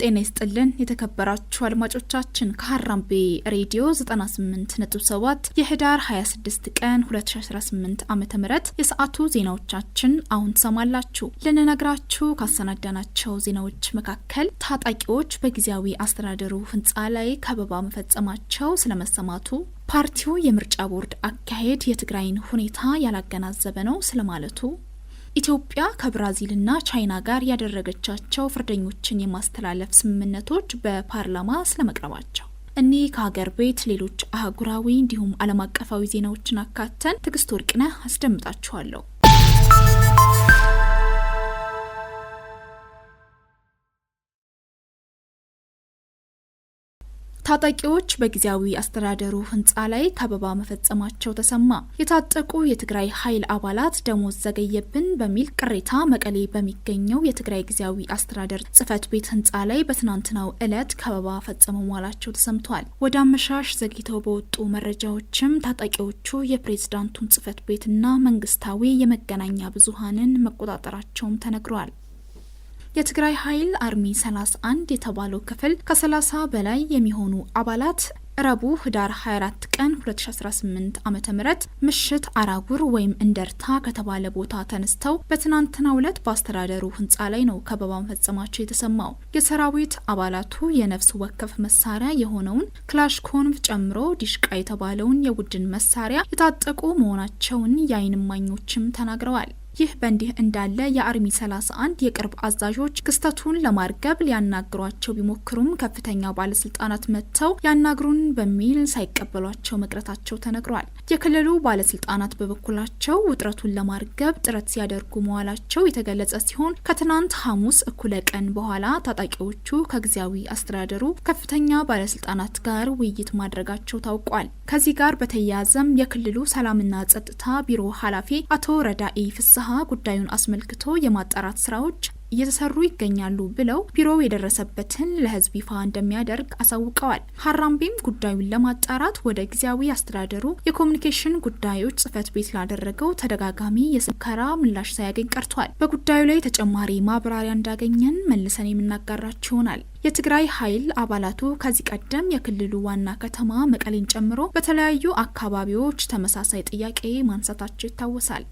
ጤና ይስጥልን የተከበራችሁ አድማጮቻችን ከሀራምቤ ሬዲዮ 98.7 የህዳር 26 ቀን 2018 ዓ ም የሰዓቱ ዜናዎቻችን አሁን ሰማላችሁ። ልንነግራችሁ ካሰናዳናቸው ዜናዎች መካከል ታጣቂዎች በጊዜያዊ አስተዳደሩ ህንፃ ላይ ከበባ መፈጸማቸው ስለመሰማቱ ፓርቲው የምርጫ ቦርድ አካሄድ የትግራይን ሁኔታ ያላገናዘበ ነው ስለማለቱ ኢትዮጵያ ከብራዚልና ቻይና ጋር ያደረገቻቸው ፍርደኞችን የማስተላለፍ ስምምነቶች በፓርላማ ስለመቅረባቸው እኒህ ከሀገር ቤት ሌሎች አህጉራዊ እንዲሁም ዓለም አቀፋዊ ዜናዎችን አካተን ትዕግስት ወርቅነህ አስደምጣችኋለሁ። ታጣቂዎች በጊዜያዊ አስተዳደሩ ህንፃ ላይ ከበባ መፈጸማቸው ተሰማ። የታጠቁ የትግራይ ኃይል አባላት ደሞዝ ዘገየብን በሚል ቅሬታ መቀሌ በሚገኘው የትግራይ ጊዜያዊ አስተዳደር ጽህፈት ቤት ህንፃ ላይ በትናንትናው ዕለት ከበባ ፈጽመው መዋላቸው ተሰምቷል። ወደ አመሻሽ ዘግይተው በወጡ መረጃዎችም ታጣቂዎቹ የፕሬዝዳንቱን ጽህፈት ቤትና መንግስታዊ የመገናኛ ብዙሃንን መቆጣጠራቸውም ተነግሯል። የትግራይ ኃይል አርሚ 31 የተባለው ክፍል ከ30 በላይ የሚሆኑ አባላት ረቡ ህዳር 24 ቀን 2018 ዓ ም ምሽት አራጉር ወይም እንደርታ ከተባለ ቦታ ተነስተው በትናንትና ዕለት በአስተዳደሩ ህንፃ ላይ ነው ከበባ መፈጸማቸው የተሰማው። የሰራዊት አባላቱ የነፍስ ወከፍ መሳሪያ የሆነውን ክላሽኮንቭ ጨምሮ ዲሽቃ የተባለውን የቡድን መሳሪያ የታጠቁ መሆናቸውን የአይን እማኞችም ተናግረዋል። ይህ በእንዲህ እንዳለ የአርሚ 31 የቅርብ አዛዦች ክስተቱን ለማርገብ ሊያናግሯቸው ቢሞክሩም ከፍተኛ ባለስልጣናት መጥተው ያናግሩን በሚል ሳይቀበሏቸው መቅረታቸው ተነግሯል። የክልሉ ባለስልጣናት በበኩላቸው ውጥረቱን ለማርገብ ጥረት ሲያደርጉ መዋላቸው የተገለጸ ሲሆን ከትናንት ሐሙስ እኩለ ቀን በኋላ ታጣቂዎቹ ከጊዜያዊ አስተዳደሩ ከፍተኛ ባለስልጣናት ጋር ውይይት ማድረጋቸው ታውቋል። ከዚህ ጋር በተያያዘም የክልሉ ሰላምና ጸጥታ ቢሮ ኃላፊ አቶ ረዳኢ ፍሳ ፍስሀ ጉዳዩን አስመልክቶ የማጣራት ስራዎች እየተሰሩ ይገኛሉ ብለው ቢሮው የደረሰበትን ለህዝብ ይፋ እንደሚያደርግ አሳውቀዋል። ሀራምቤም ጉዳዩን ለማጣራት ወደ ጊዜያዊ አስተዳደሩ የኮሚኒኬሽን ጉዳዮች ጽህፈት ቤት ላደረገው ተደጋጋሚ የስልክ ምላሽ ሳያገኝ ቀርቷል። በጉዳዩ ላይ ተጨማሪ ማብራሪያ እንዳገኘን መልሰን የምናጋራችሁ ይሆናል። የትግራይ ኃይል አባላቱ ከዚህ ቀደም የክልሉ ዋና ከተማ መቀሌን ጨምሮ በተለያዩ አካባቢዎች ተመሳሳይ ጥያቄ ማንሳታቸው ይታወሳል።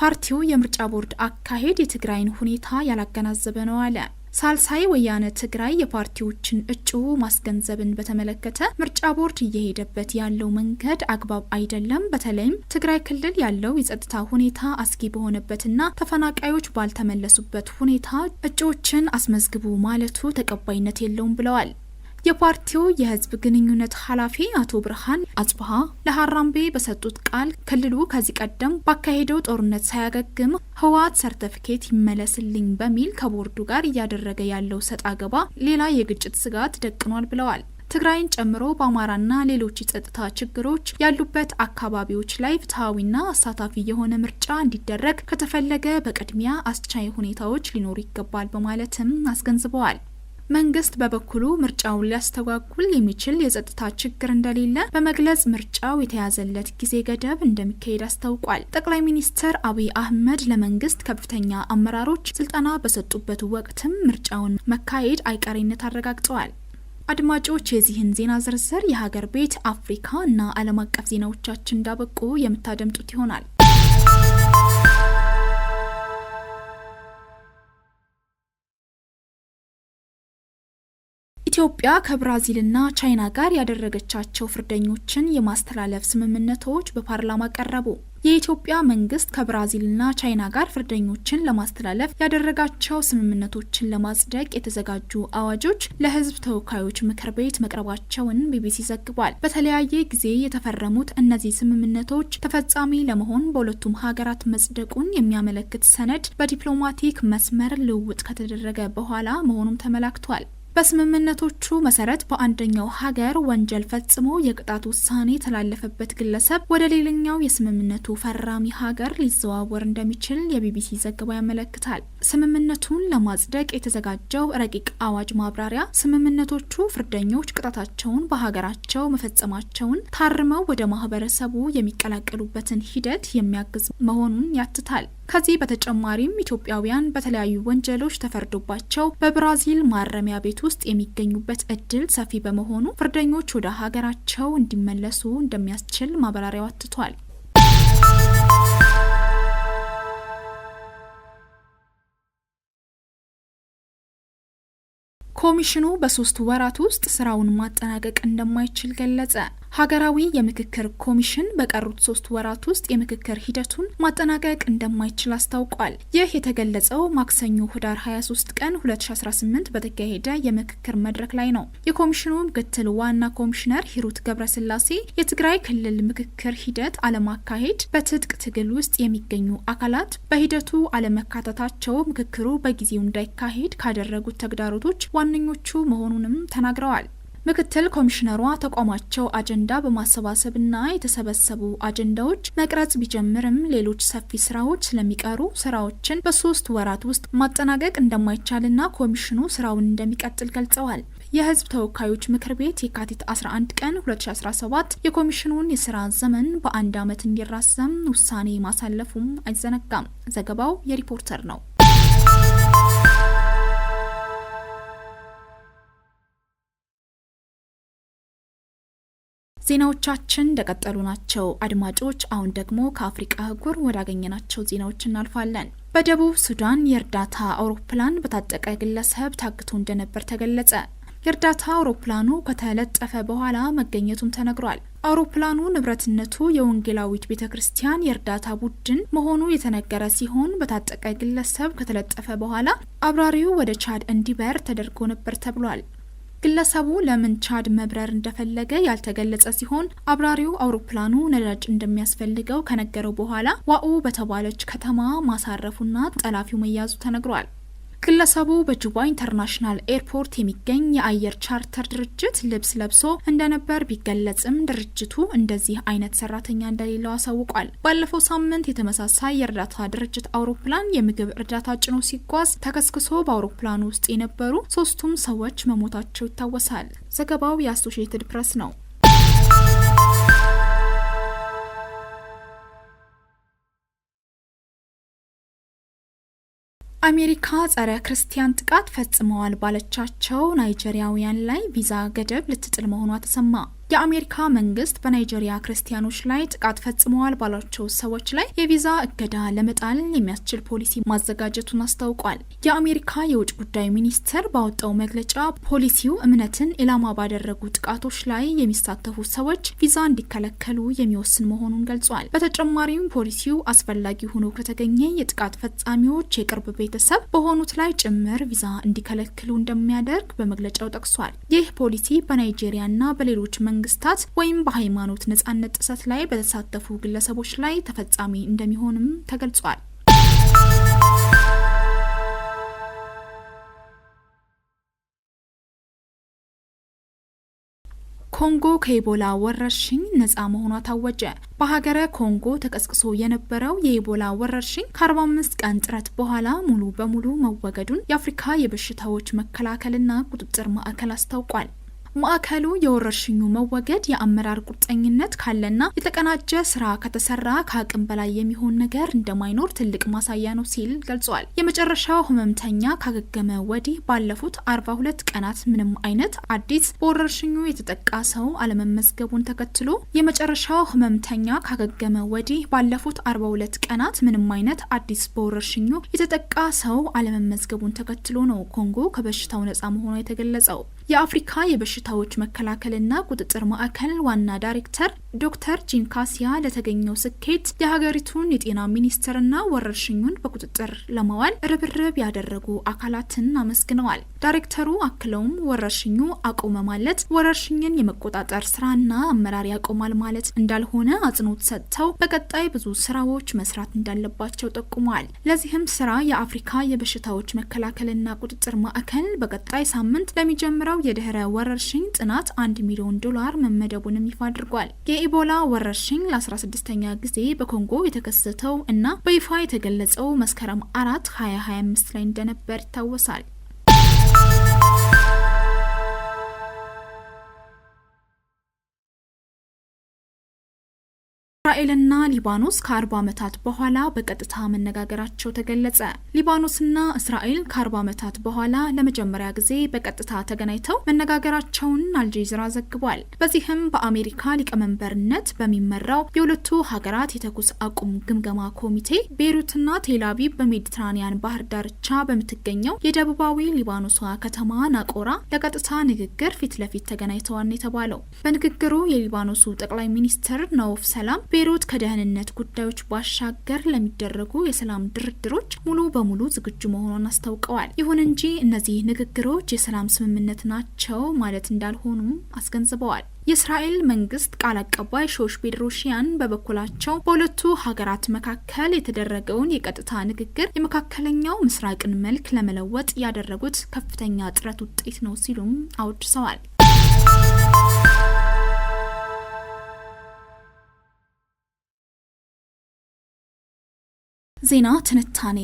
ፓርቲው የምርጫ ቦርድ አካሄድ የትግራይን ሁኔታ ያላገናዘበ ነው አለ። ሳልሳይ ወያነ ትግራይ የፓርቲዎችን እጩ ማስገንዘብን በተመለከተ ምርጫ ቦርድ እየሄደበት ያለው መንገድ አግባብ አይደለም። በተለይም ትግራይ ክልል ያለው የጸጥታ ሁኔታ አስጊ በሆነበትና ተፈናቃዮች ባልተመለሱበት ሁኔታ እጩዎችን አስመዝግቡ ማለቱ ተቀባይነት የለውም ብለዋል። የፓርቲው የህዝብ ግንኙነት ኃላፊ አቶ ብርሃን አጽብሃ ለሀራምቤ በሰጡት ቃል ክልሉ ከዚህ ቀደም ባካሄደው ጦርነት ሳያገግም ህወሓት ሰርተፍኬት ይመለስልኝ በሚል ከቦርዱ ጋር እያደረገ ያለው ሰጣ አገባ ሌላ የግጭት ስጋት ደቅኗል ብለዋል። ትግራይን ጨምሮ በአማራና ሌሎች የጸጥታ ችግሮች ያሉበት አካባቢዎች ላይ ፍትሐዊና አሳታፊ የሆነ ምርጫ እንዲደረግ ከተፈለገ በቅድሚያ አስቻይ ሁኔታዎች ሊኖሩ ይገባል በማለትም አስገንዝበዋል። መንግስት በበኩሉ ምርጫውን ሊያስተጓጉል የሚችል የጸጥታ ችግር እንደሌለ በመግለጽ ምርጫው የተያዘለት ጊዜ ገደብ እንደሚካሄድ አስታውቋል። ጠቅላይ ሚኒስትር አብይ አህመድ ለመንግስት ከፍተኛ አመራሮች ስልጠና በሰጡበት ወቅትም ምርጫውን መካሄድ አይቀሬነት አረጋግጠዋል። አድማጮች የዚህን ዜና ዝርዝር የሀገር ቤት፣ አፍሪካ እና ዓለም አቀፍ ዜናዎቻችን እንዳበቁ የምታደምጡት ይሆናል። ኢትዮጵያ ከብራዚልና ቻይና ጋር ያደረገቻቸው ፍርደኞችን የማስተላለፍ ስምምነቶች በፓርላማ ቀረቡ። የኢትዮጵያ መንግስት ከብራዚልና ቻይና ጋር ፍርደኞችን ለማስተላለፍ ያደረጋቸው ስምምነቶችን ለማጽደቅ የተዘጋጁ አዋጆች ለሕዝብ ተወካዮች ምክር ቤት መቅረባቸውን ቢቢሲ ዘግቧል። በተለያየ ጊዜ የተፈረሙት እነዚህ ስምምነቶች ተፈጻሚ ለመሆን በሁለቱም ሀገራት መጽደቁን የሚያመለክት ሰነድ በዲፕሎማቲክ መስመር ልውውጥ ከተደረገ በኋላ መሆኑም ተመላክቷል። በስምምነቶቹ መሰረት በአንደኛው ሀገር ወንጀል ፈጽሞ የቅጣት ውሳኔ የተላለፈበት ግለሰብ ወደ ሌላኛው የስምምነቱ ፈራሚ ሀገር ሊዘዋወር እንደሚችል የቢቢሲ ዘገባ ያመለክታል። ስምምነቱን ለማጽደቅ የተዘጋጀው ረቂቅ አዋጅ ማብራሪያ ስምምነቶቹ ፍርደኞች ቅጣታቸውን በሀገራቸው መፈጸማቸውን ታርመው ወደ ማህበረሰቡ የሚቀላቀሉበትን ሂደት የሚያግዝ መሆኑን ያትታል። ከዚህ በተጨማሪም ኢትዮጵያውያን በተለያዩ ወንጀሎች ተፈርዶባቸው በብራዚል ማረሚያ ቤት ውስጥ የሚገኙበት እድል ሰፊ በመሆኑ ፍርደኞች ወደ ሀገራቸው እንዲመለሱ እንደሚያስችል ማብራሪያው አትቷል። ኮሚሽኑ በሶስት ወራት ውስጥ ስራውን ማጠናቀቅ እንደማይችል ገለጸ። ሀገራዊ የምክክር ኮሚሽን በቀሩት ሶስት ወራት ውስጥ የምክክር ሂደቱን ማጠናቀቅ እንደማይችል አስታውቋል። ይህ የተገለጸው ማክሰኞ ህዳር 23 ቀን 2018 በተካሄደ የምክክር መድረክ ላይ ነው። የኮሚሽኑ ምክትል ዋና ኮሚሽነር ሂሩት ገብረስላሴ የትግራይ ክልል ምክክር ሂደት አለማካሄድ በትጥቅ ትግል ውስጥ የሚገኙ አካላት በሂደቱ አለመካተታቸው ምክክሩ በጊዜው እንዳይካሄድ ካደረጉት ተግዳሮቶች ዋነኞቹ መሆኑንም ተናግረዋል። ምክትል ኮሚሽነሯ ተቋማቸው አጀንዳ በማሰባሰብና የተሰበሰቡ አጀንዳዎች መቅረጽ ቢጀምርም ሌሎች ሰፊ ስራዎች ስለሚቀሩ ስራዎችን በሶስት ወራት ውስጥ ማጠናቀቅ እንደማይቻልና ኮሚሽኑ ስራውን እንደሚቀጥል ገልጸዋል። የህዝብ ተወካዮች ምክር ቤት የካቲት 11 ቀን 2017 የኮሚሽኑን የስራ ዘመን በአንድ ዓመት እንዲራዘም ውሳኔ ማሳለፉም አይዘነጋም። ዘገባው የሪፖርተር ነው። ዜናዎቻችን እንደቀጠሉ ናቸው አድማጮች። አሁን ደግሞ ከአፍሪቃ አህጉር ወዳገኘናቸው ዜናዎች እናልፋለን። በደቡብ ሱዳን የእርዳታ አውሮፕላን በታጠቀ ግለሰብ ታግቶ እንደነበር ተገለጸ። የእርዳታ አውሮፕላኑ ከተለጠፈ በኋላ መገኘቱም ተነግሯል። አውሮፕላኑ ንብረትነቱ የወንጌላዊት ቤተ ክርስቲያን የእርዳታ ቡድን መሆኑ የተነገረ ሲሆን በታጠቀ ግለሰብ ከተለጠፈ በኋላ አብራሪው ወደ ቻድ እንዲበር ተደርጎ ነበር ተብሏል። ግለሰቡ ለምን ቻድ መብረር እንደፈለገ ያልተገለጸ ሲሆን አብራሪው አውሮፕላኑ ነዳጅ እንደሚያስፈልገው ከነገረው በኋላ ዋኡ በተባለች ከተማ ማሳረፉና ጠላፊው መያዙ ተነግሯል። ግለሰቡ በጁባ ኢንተርናሽናል ኤርፖርት የሚገኝ የአየር ቻርተር ድርጅት ልብስ ለብሶ እንደነበር ቢገለጽም ድርጅቱ እንደዚህ አይነት ሰራተኛ እንደሌለው አሳውቋል። ባለፈው ሳምንት የተመሳሳይ የእርዳታ ድርጅት አውሮፕላን የምግብ እርዳታ ጭኖ ሲጓዝ ተከስክሶ በአውሮፕላኑ ውስጥ የነበሩ ሶስቱም ሰዎች መሞታቸው ይታወሳል። ዘገባው የአሶሺየትድ ፕሬስ ነው። አሜሪካ ጸረ ክርስቲያን ጥቃት ፈጽመዋል ባለቻቸው ናይጄሪያውያን ላይ ቪዛ ገደብ ልትጥል መሆኗ ተሰማ። የአሜሪካ መንግስት በናይጄሪያ ክርስቲያኖች ላይ ጥቃት ፈጽመዋል ባሏቸው ሰዎች ላይ የቪዛ እገዳ ለመጣል የሚያስችል ፖሊሲ ማዘጋጀቱን አስታውቋል። የአሜሪካ የውጭ ጉዳይ ሚኒስቴር ባወጣው መግለጫ ፖሊሲው እምነትን ኢላማ ባደረጉ ጥቃቶች ላይ የሚሳተፉ ሰዎች ቪዛ እንዲከለከሉ የሚወስን መሆኑን ገልጿል። በተጨማሪም ፖሊሲው አስፈላጊ ሆኖ ከተገኘ የጥቃት ፈጻሚዎች የቅርብ ቤተሰብ በሆኑት ላይ ጭምር ቪዛ እንዲከለክሉ እንደሚያደርግ በመግለጫው ጠቅሷል። ይህ ፖሊሲ በናይጄሪያና በሌሎች መንግስት መንግስታት ወይም በሃይማኖት ነጻነት ጥሰት ላይ በተሳተፉ ግለሰቦች ላይ ተፈጻሚ እንደሚሆንም ተገልጿል። ኮንጎ ከኢቦላ ወረርሽኝ ነጻ መሆኗ ታወጀ። በሀገረ ኮንጎ ተቀስቅሶ የነበረው የኢቦላ ወረርሽኝ ከ45 ቀን ጥረት በኋላ ሙሉ በሙሉ መወገዱን የአፍሪካ የበሽታዎች መከላከልና ቁጥጥር ማዕከል አስታውቋል። ማዕከሉ የወረርሽኙ መወገድ የአመራር ቁርጠኝነት ካለና የተቀናጀ ስራ ከተሰራ ከአቅም በላይ የሚሆን ነገር እንደማይኖር ትልቅ ማሳያ ነው ሲል ገልጿል። የመጨረሻው ህመምተኛ ካገገመ ወዲህ ባለፉት አርባ ሁለት ቀናት ምንም አይነት አዲስ በወረርሽኙ የተጠቃ ሰው አለመመዝገቡን ተከትሎ የመጨረሻው ህመምተኛ ካገገመ ወዲህ ባለፉት አርባ ሁለት ቀናት ምንም አይነት አዲስ በወረርሽኙ የተጠቃ ሰው አለመመዝገቡን ተከትሎ ነው ኮንጎ ከበሽታው ነጻ መሆኗ የተገለጸው። የአፍሪካ የበሽታዎች መከላከልና ቁጥጥር ማዕከል ዋና ዳይሬክተር ዶክተር ጂንካሲያ ለተገኘው ስኬት የሀገሪቱን የጤና ሚኒስትርና ወረርሽኙን በቁጥጥር ለማዋል ርብርብ ያደረጉ አካላትን አመስግነዋል። ዳይሬክተሩ አክለውም ወረርሽኙ አቆመ ማለት ወረርሽኝን የመቆጣጠር ስራና አመራር ያቆማል ማለት እንዳልሆነ አጽንኦት ሰጥተው በቀጣይ ብዙ ስራዎች መስራት እንዳለባቸው ጠቁመዋል። ለዚህም ስራ የአፍሪካ የበሽታዎች መከላከልና ቁጥጥር ማዕከል በቀጣይ ሳምንት ለሚጀምረው ለኢቦላው የድህረ ወረርሽኝ ጥናት አንድ ሚሊዮን ዶላር መመደቡንም ይፋ አድርጓል። የኢቦላ ወረርሽኝ ለ16ኛ ጊዜ በኮንጎ የተከሰተው እና በይፋ የተገለጸው መስከረም አራት 2025 ላይ እንደነበር ይታወሳል። እስራኤልና ሊባኖስ ከ ከ40 ዓመታት በኋላ በቀጥታ መነጋገራቸው ተገለጸ። ሊባኖስና እስራኤል ከአርባ ዓመታት በኋላ ለመጀመሪያ ጊዜ በቀጥታ ተገናኝተው መነጋገራቸውን አልጀዚራ ዘግቧል። በዚህም በአሜሪካ ሊቀመንበርነት በሚመራው የሁለቱ ሀገራት የተኩስ አቁም ግምገማ ኮሚቴ ቤይሩትና ቴልአቪቭ በሜዲትራኒያን ባህር ዳርቻ በምትገኘው የደቡባዊ ሊባኖሷ ከተማ ናቆራ ለቀጥታ ንግግር ፊት ለፊት ተገናኝተዋል የተባለው በንግግሩ የሊባኖሱ ጠቅላይ ሚኒስትር ናውፍ ሰላም ሂሩት ከደህንነት ጉዳዮች ባሻገር ለሚደረጉ የሰላም ድርድሮች ሙሉ በሙሉ ዝግጁ መሆኗን አስታውቀዋል። ይሁን እንጂ እነዚህ ንግግሮች የሰላም ስምምነት ናቸው ማለት እንዳልሆኑም አስገንዝበዋል። የእስራኤል መንግስት ቃል አቀባይ ሾሽ ቤድሮሺያን በበኩላቸው በሁለቱ ሀገራት መካከል የተደረገውን የቀጥታ ንግግር የመካከለኛው ምስራቅን መልክ ለመለወጥ ያደረጉት ከፍተኛ ጥረት ውጤት ነው ሲሉም አውድሰዋል። ዜና ትንታኔ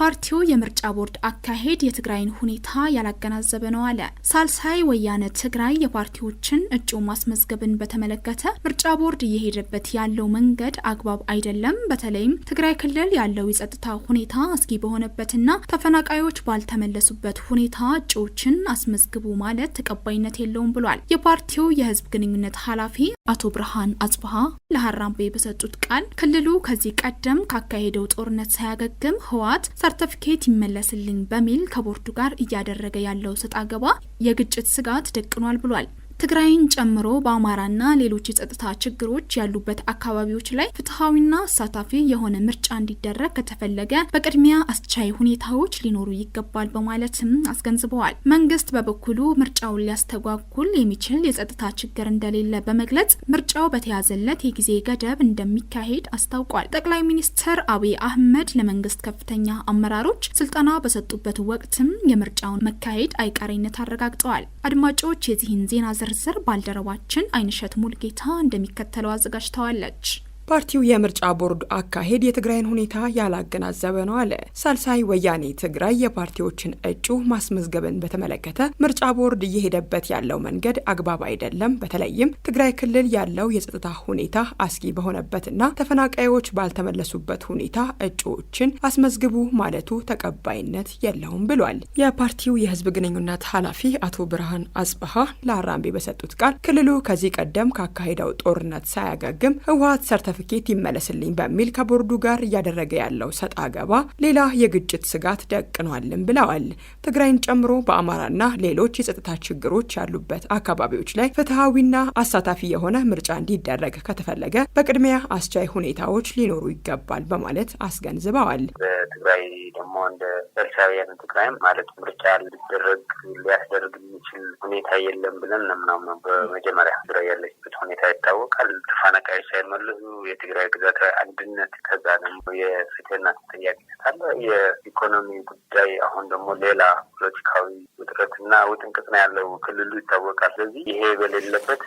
ፓርቲው የምርጫ ቦርድ አካሄድ የትግራይን ሁኔታ ያላገናዘበ ነው አለ። ሳልሳይ ወያነ ትግራይ የፓርቲዎችን እጩ ማስመዝገብን በተመለከተ ምርጫ ቦርድ እየሄደበት ያለው መንገድ አግባብ አይደለም፣ በተለይም ትግራይ ክልል ያለው የጸጥታ ሁኔታ አስጊ በሆነበትና ተፈናቃዮች ባልተመለሱበት ሁኔታ እጩዎችን አስመዝግቡ ማለት ተቀባይነት የለውም ብሏል። የፓርቲው የህዝብ ግንኙነት ኃላፊ አቶ ብርሃን አጽብሃ ለሀራምቤ በሰጡት ቃል ክልሉ ከዚህ ቀደም ካካሄደው ጦርነት ሳያገግም ህወሓት ሰርተፊኬት ይመለስልኝ በሚል ከቦርዱ ጋር እያደረገ ያለው ሰጣ ገባ የግጭት ስጋት ደቅኗል ብሏል። ትግራይን ጨምሮ በአማራና ሌሎች የጸጥታ ችግሮች ያሉበት አካባቢዎች ላይ ፍትሐዊና አሳታፊ የሆነ ምርጫ እንዲደረግ ከተፈለገ በቅድሚያ አስቻይ ሁኔታዎች ሊኖሩ ይገባል በማለትም አስገንዝበዋል። መንግስት በበኩሉ ምርጫውን ሊያስተጓጉል የሚችል የጸጥታ ችግር እንደሌለ በመግለጽ ምርጫው በተያዘለት የጊዜ ገደብ እንደሚካሄድ አስታውቋል። ጠቅላይ ሚኒስትር አብይ አህመድ ለመንግስት ከፍተኛ አመራሮች ስልጠና በሰጡበት ወቅትም የምርጫውን መካሄድ አይቀሬነት አረጋግጠዋል። አድማጮች የዚህን ዜና ዝርዝር ባልደረባችን አይንሸት ሙልጌታ እንደሚከተለው አዘጋጅተዋለች። ፓርቲው የምርጫ ቦርድ አካሄድ የትግራይን ሁኔታ ያላገናዘበ ነው አለ። ሳልሳይ ወያኔ ትግራይ የፓርቲዎችን እጩ ማስመዝገብን በተመለከተ ምርጫ ቦርድ እየሄደበት ያለው መንገድ አግባብ አይደለም፣ በተለይም ትግራይ ክልል ያለው የጸጥታ ሁኔታ አስጊ በሆነበትና ተፈናቃዮች ባልተመለሱበት ሁኔታ እጩዎችን አስመዝግቡ ማለቱ ተቀባይነት የለውም ብሏል። የፓርቲው የህዝብ ግንኙነት ኃላፊ አቶ ብርሃን አጽበሃ ለአራምቤ በሰጡት ቃል ክልሉ ከዚህ ቀደም ካካሄደው ጦርነት ሳያገግም ህወሀት ሰርተ ሰርቲፊኬት ይመለስልኝ በሚል ከቦርዱ ጋር እያደረገ ያለው ሰጣ ገባ ሌላ የግጭት ስጋት ደቅኗልም ብለዋል። ትግራይን ጨምሮ በአማራና ሌሎች የጸጥታ ችግሮች ያሉበት አካባቢዎች ላይ ፍትሐዊና አሳታፊ የሆነ ምርጫ እንዲደረግ ከተፈለገ በቅድሚያ አስቻይ ሁኔታዎች ሊኖሩ ይገባል በማለት አስገንዝበዋል። በትግራይ ደግሞ እንደ ኤርትራውያን ትግራይም ማለት ምርጫ ሊደረግ ሊያስደርግ የሚችል ሁኔታ የለም ብለን ነው በመጀመሪያ ትግራይ ያለችበት ሁኔታ ይታወቃል። ተፈናቃዮች ሳይመልሱ የትግራይ ግዛታዊ አንድነት፣ ከዛ ደግሞ የፍትህና ተጠያቂነት አለ፣ የኢኮኖሚ ጉዳይ፣ አሁን ደግሞ ሌላ ፖለቲካዊ ውጥረትና ውጥንቅጥ ነው ያለው ክልሉ ይታወቃል። ስለዚህ ይሄ በሌለበት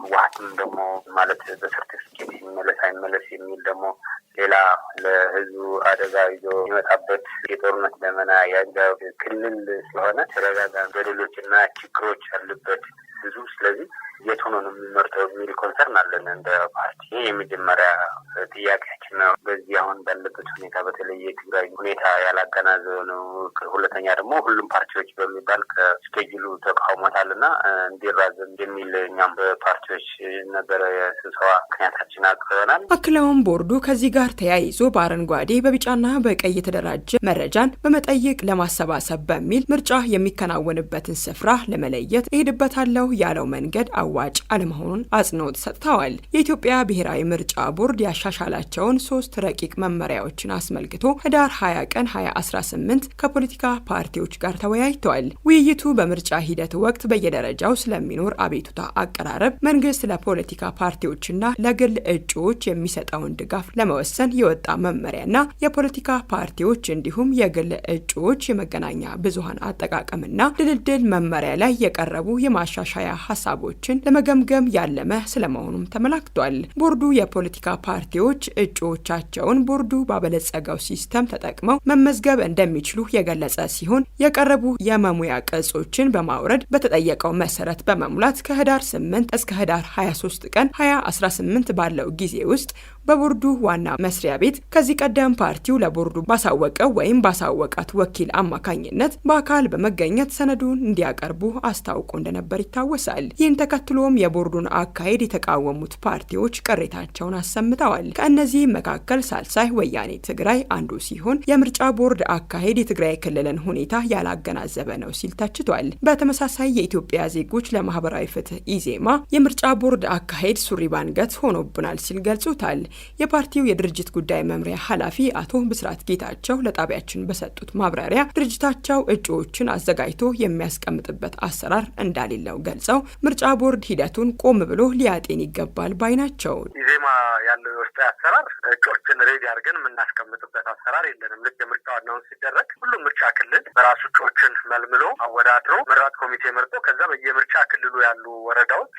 ህወሓትም ደግሞ ማለት በሰርቲፊኬት ይመለስ አይመለስ የሚል ደግሞ ሌላ ለህዝቡ አደጋ ይዞ የሚመጣበት የጦርነት ደመና ያንጃ ክልል ስለሆነ ተረጋጋ ገደሎች ችግሮች ያሉበት ህዝቡ ስለዚህ የት ሆኖ ነው የሚመርጠው የሚል ኮንሰርን አለን እንደ ፓርቲ። ይሄ የመጀመሪያ ጥያቄያችን ነው። በዚህ አሁን ባለበት ሁኔታ በተለይ የትግራይ ሁኔታ ያላገናዘበ ነው። ሁለተኛ ደግሞ ሁሉም ፓርቲዎች በሚባል ከስኬጅሉ ተቃውሞታል እና እንዲራዘም የሚል እኛም በፓርቲዎች ነበረ የስብሰባ ምክንያታችን አቅርበናል። አክለውም ቦርዱ ከዚህ ጋር ተያይዞ በአረንጓዴ በቢጫና በቀይ የተደራጀ መረጃን በመጠየቅ ለማሰባሰብ በሚል ምርጫ የሚከናወንበትን ስፍራ ለመለየት እሄድበታለሁ ያለው መንገድ አዋጭ አለመሆኑን አጽንኦት ሰጥተዋል። የኢትዮጵያ ብሔራ ብሔራዊ ምርጫ ቦርድ ያሻሻላቸውን ሶስት ረቂቅ መመሪያዎችን አስመልክቶ ህዳር 20 ቀን 2018 ከፖለቲካ ፓርቲዎች ጋር ተወያይተዋል። ውይይቱ በምርጫ ሂደት ወቅት በየደረጃው ስለሚኖር አቤቱታ አቀራረብ፣ መንግስት ለፖለቲካ ፓርቲዎችና ለግል እጩዎች የሚሰጠውን ድጋፍ ለመወሰን የወጣ መመሪያና የፖለቲካ ፓርቲዎች እንዲሁም የግል እጩዎች የመገናኛ ብዙሀን አጠቃቀምና ድልድል መመሪያ ላይ የቀረቡ የማሻሻያ ሀሳቦችን ለመገምገም ያለመ ስለመሆኑም ተመላክቷል። ቦርዱ የቦርዱ የፖለቲካ ፓርቲዎች እጩዎቻቸውን ቦርዱ ባበለጸገው ሲስተም ተጠቅመው መመዝገብ እንደሚችሉ የገለጸ ሲሆን የቀረቡ የመሙያ ቅጾችን በማውረድ በተጠየቀው መሰረት በመሙላት ከህዳር 8 እስከ ህዳር 23 ቀን 2018 ባለው ጊዜ ውስጥ በቦርዱ ዋና መስሪያ ቤት ከዚህ ቀደም ፓርቲው ለቦርዱ ባሳወቀው ወይም ባሳወቃት ወኪል አማካኝነት በአካል በመገኘት ሰነዱን እንዲያቀርቡ አስታውቆ እንደነበር ይታወሳል። ይህን ተከትሎም የቦርዱን አካሄድ የተቃወሙት ፓርቲዎች ቅሬታቸውን አሰምተዋል። ከእነዚህ መካከል ሳልሳይ ወያኔ ትግራይ አንዱ ሲሆን የምርጫ ቦርድ አካሄድ የትግራይ ክልልን ሁኔታ ያላገናዘበ ነው ሲል ተችቷል። በተመሳሳይ የኢትዮጵያ ዜጎች ለማህበራዊ ፍትህ ኢዜማ የምርጫ ቦርድ አካሄድ ሱሪ ባንገት ሆኖብናል ሲል ገልጾታል። የፓርቲው የድርጅት ጉዳይ መምሪያ ኃላፊ አቶ ብስራት ጌታቸው ለጣቢያችን በሰጡት ማብራሪያ ድርጅታቸው እጩዎችን አዘጋጅቶ የሚያስቀምጥበት አሰራር እንዳሌለው ገልጸው ምርጫ ቦርድ ሂደቱን ቆም ብሎ ሊያጤን ይገባል ባይ ናቸው። ኢዜማ ያለው የውስጥ አሰራር እጩዎችን ሬዲ አድርገን የምናስቀምጥበት አሰራር የለንም። ልክ የምርጫ ዋናውን ሲደረግ ሁሉም ምርጫ ክልል በራሱ እጩዎችን መልምሎ አወዳድሮ ምራት ኮሚቴ መርጦ ከዛ በየምርጫ ክልሉ ያሉ ወረዳዎች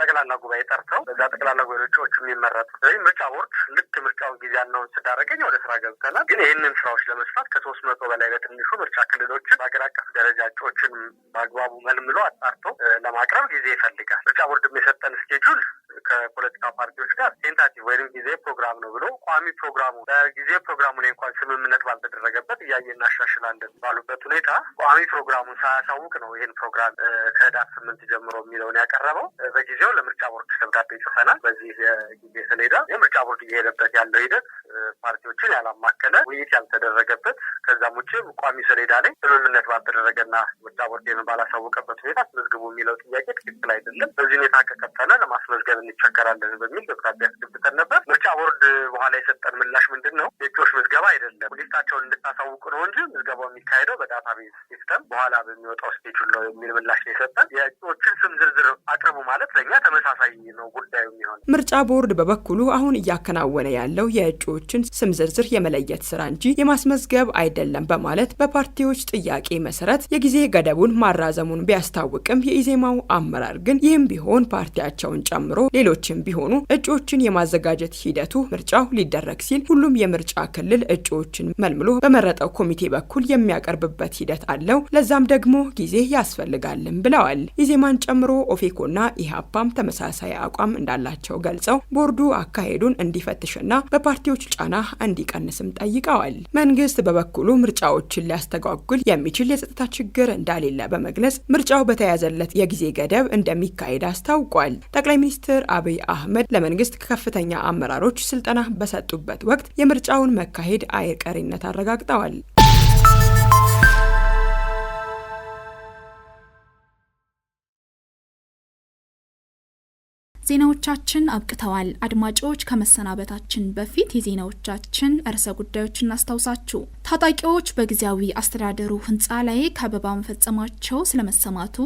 ጠቅላላ ጉባኤ ጠርተው በዛ ጠቅላላ ጉባኤ እጩዎች የሚመረጡ ስለዚህ ምርጫ ቦርድ ልክ ምርጫውን ጊዜ ያለውን ስዳረገኝ ወደ ስራ ገብተናል። ግን ይህንን ስራዎች ለመስፋት ከሶስት መቶ በላይ በትንሹ ምርጫ ክልሎችን በሀገር አቀፍ ደረጃ እጩዎችን በአግባቡ መልምሎ አጣርቶ ለማቅረብ ጊዜ ይፈልጋል። ምርጫ ቦርድ የሰጠን እስኬጁል ከፖለቲካ ፓርቲዎች ጋር ቴንታቲቭ ወይም ጊዜ ፕሮግራም ነው ብሎ ቋሚ ፕሮግራሙ ጊዜ ፕሮግራሙ ላይ እንኳን ስምምነት ባልተደረገበት እያየ እናሻሽላለን ባሉበት ሁኔታ ቋሚ ፕሮግራሙን ሳያሳውቅ ነው ይህን ፕሮግራም ከህዳር ስምንት ጀምሮ የሚለውን ያቀረበው። በጊዜው ለምርጫ ቦርድ ደብዳቤ ጽፈናል። በዚህ የጊዜ ሰሌዳ ምርጫ ቦርድ እየሄደበት ያለው ሂደት ፓርቲዎችን ያላማከለ ውይይት ያልተደረገበት ከዛም ውጭ ቋሚ ሰሌዳ ላይ ስምምነት ባልተደረገና ምርጫ ቦርድን ባላሳወቀበት ሁኔታ አስመዝግቡ የሚለው ጥያቄ ትክክል አይደለም። በዚህ ሁኔታ ከቀጠለ ለማስመዝገብ እንቸገራለን በሚል ደብዳቤ ያስገብተን ነበር። ምርጫ ቦርድ በኋላ የሰጠን ምላሽ ምንድን ነው? የእጩዎች ምዝገባ አይደለም፣ ሁኔታቸውን እንድታሳውቁ ነው እንጂ ምዝገባው የሚካሄደው በዳታ ቤዝ ሲስተም በኋላ በሚወጣው ስቴጁ ነው የሚል ምላሽ ነው የሰጠን። የእጩዎችን ስም ዝርዝር አቅርቡ ማለት ለእኛ ተመሳሳይ ነው ጉዳዩ የሚሆን ምርጫ ቦርድ በበኩሉ አሁን አሁን እያከናወነ ያለው የእጩዎችን ስም ዝርዝር የመለየት ስራ እንጂ የማስመዝገብ አይደለም በማለት በፓርቲዎች ጥያቄ መሰረት የጊዜ ገደቡን ማራዘሙን ቢያስታውቅም የኢዜማው አመራር ግን ይህም ቢሆን ፓርቲያቸውን ጨምሮ ሌሎችም ቢሆኑ እጩዎችን የማዘጋጀት ሂደቱ ምርጫው ሊደረግ ሲል ሁሉም የምርጫ ክልል እጩዎችን መልምሎ በመረጠው ኮሚቴ በኩል የሚያቀርብበት ሂደት አለው። ለዛም ደግሞ ጊዜ ያስፈልጋልም ብለዋል። ኢዜማን ጨምሮ ኦፌኮና ኢህአፓም ተመሳሳይ አቋም እንዳላቸው ገልጸው ቦርዱ አካሄዱ እቅዱን እንዲፈትሽና በፓርቲዎች ጫና እንዲቀንስም ጠይቀዋል። መንግስት በበኩሉ ምርጫዎችን ሊያስተጓጉል የሚችል የጸጥታ ችግር እንዳሌለ በመግለጽ ምርጫው በተያዘለት የጊዜ ገደብ እንደሚካሄድ አስታውቋል። ጠቅላይ ሚኒስትር አብይ አህመድ ለመንግስት ከፍተኛ አመራሮች ስልጠና በሰጡበት ወቅት የምርጫውን መካሄድ አይቀሬነት አረጋግጠዋል። ዜናዎቻችን አብቅተዋል። አድማጮች ከመሰናበታችን በፊት የዜናዎቻችን ርዕሰ ጉዳዮች እናስታውሳችሁ። ታጣቂዎች በጊዜያዊ አስተዳደሩ ህንፃ ላይ ከበባ መፈጸማቸው ስለመሰማቱ፣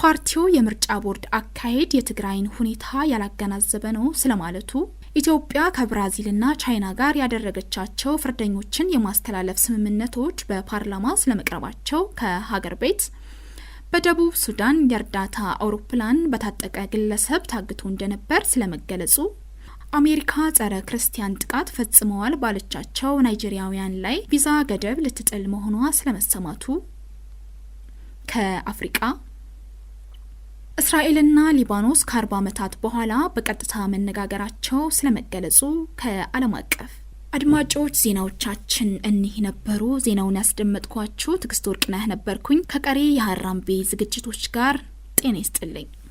ፓርቲው የምርጫ ቦርድ አካሄድ የትግራይን ሁኔታ ያላገናዘበ ነው ስለማለቱ፣ ኢትዮጵያ ከብራዚልና ቻይና ጋር ያደረገቻቸው ፍርደኞችን የማስተላለፍ ስምምነቶች በፓርላማ ስለመቅረባቸው ከሀገር ቤት በደቡብ ሱዳን የእርዳታ አውሮፕላን በታጠቀ ግለሰብ ታግቶ እንደነበር ስለመገለጹ፣ አሜሪካ ጸረ ክርስቲያን ጥቃት ፈጽመዋል ባለቻቸው ናይጄሪያውያን ላይ ቪዛ ገደብ ልትጥል መሆኗ ስለመሰማቱ፣ ከአፍሪቃ እስራኤልና ሊባኖስ ከ40 ዓመታት በኋላ በቀጥታ መነጋገራቸው ስለመገለጹ፣ ከዓለም አቀፍ አድማጮች ዜናዎቻችን እኒህ ነበሩ። ዜናውን ያስደመጥኳችሁ ትግስት ወርቅነህ ነበርኩኝ። ከቀሪ የሀራምቤ ዝግጅቶች ጋር ጤና ይስጥልኝ።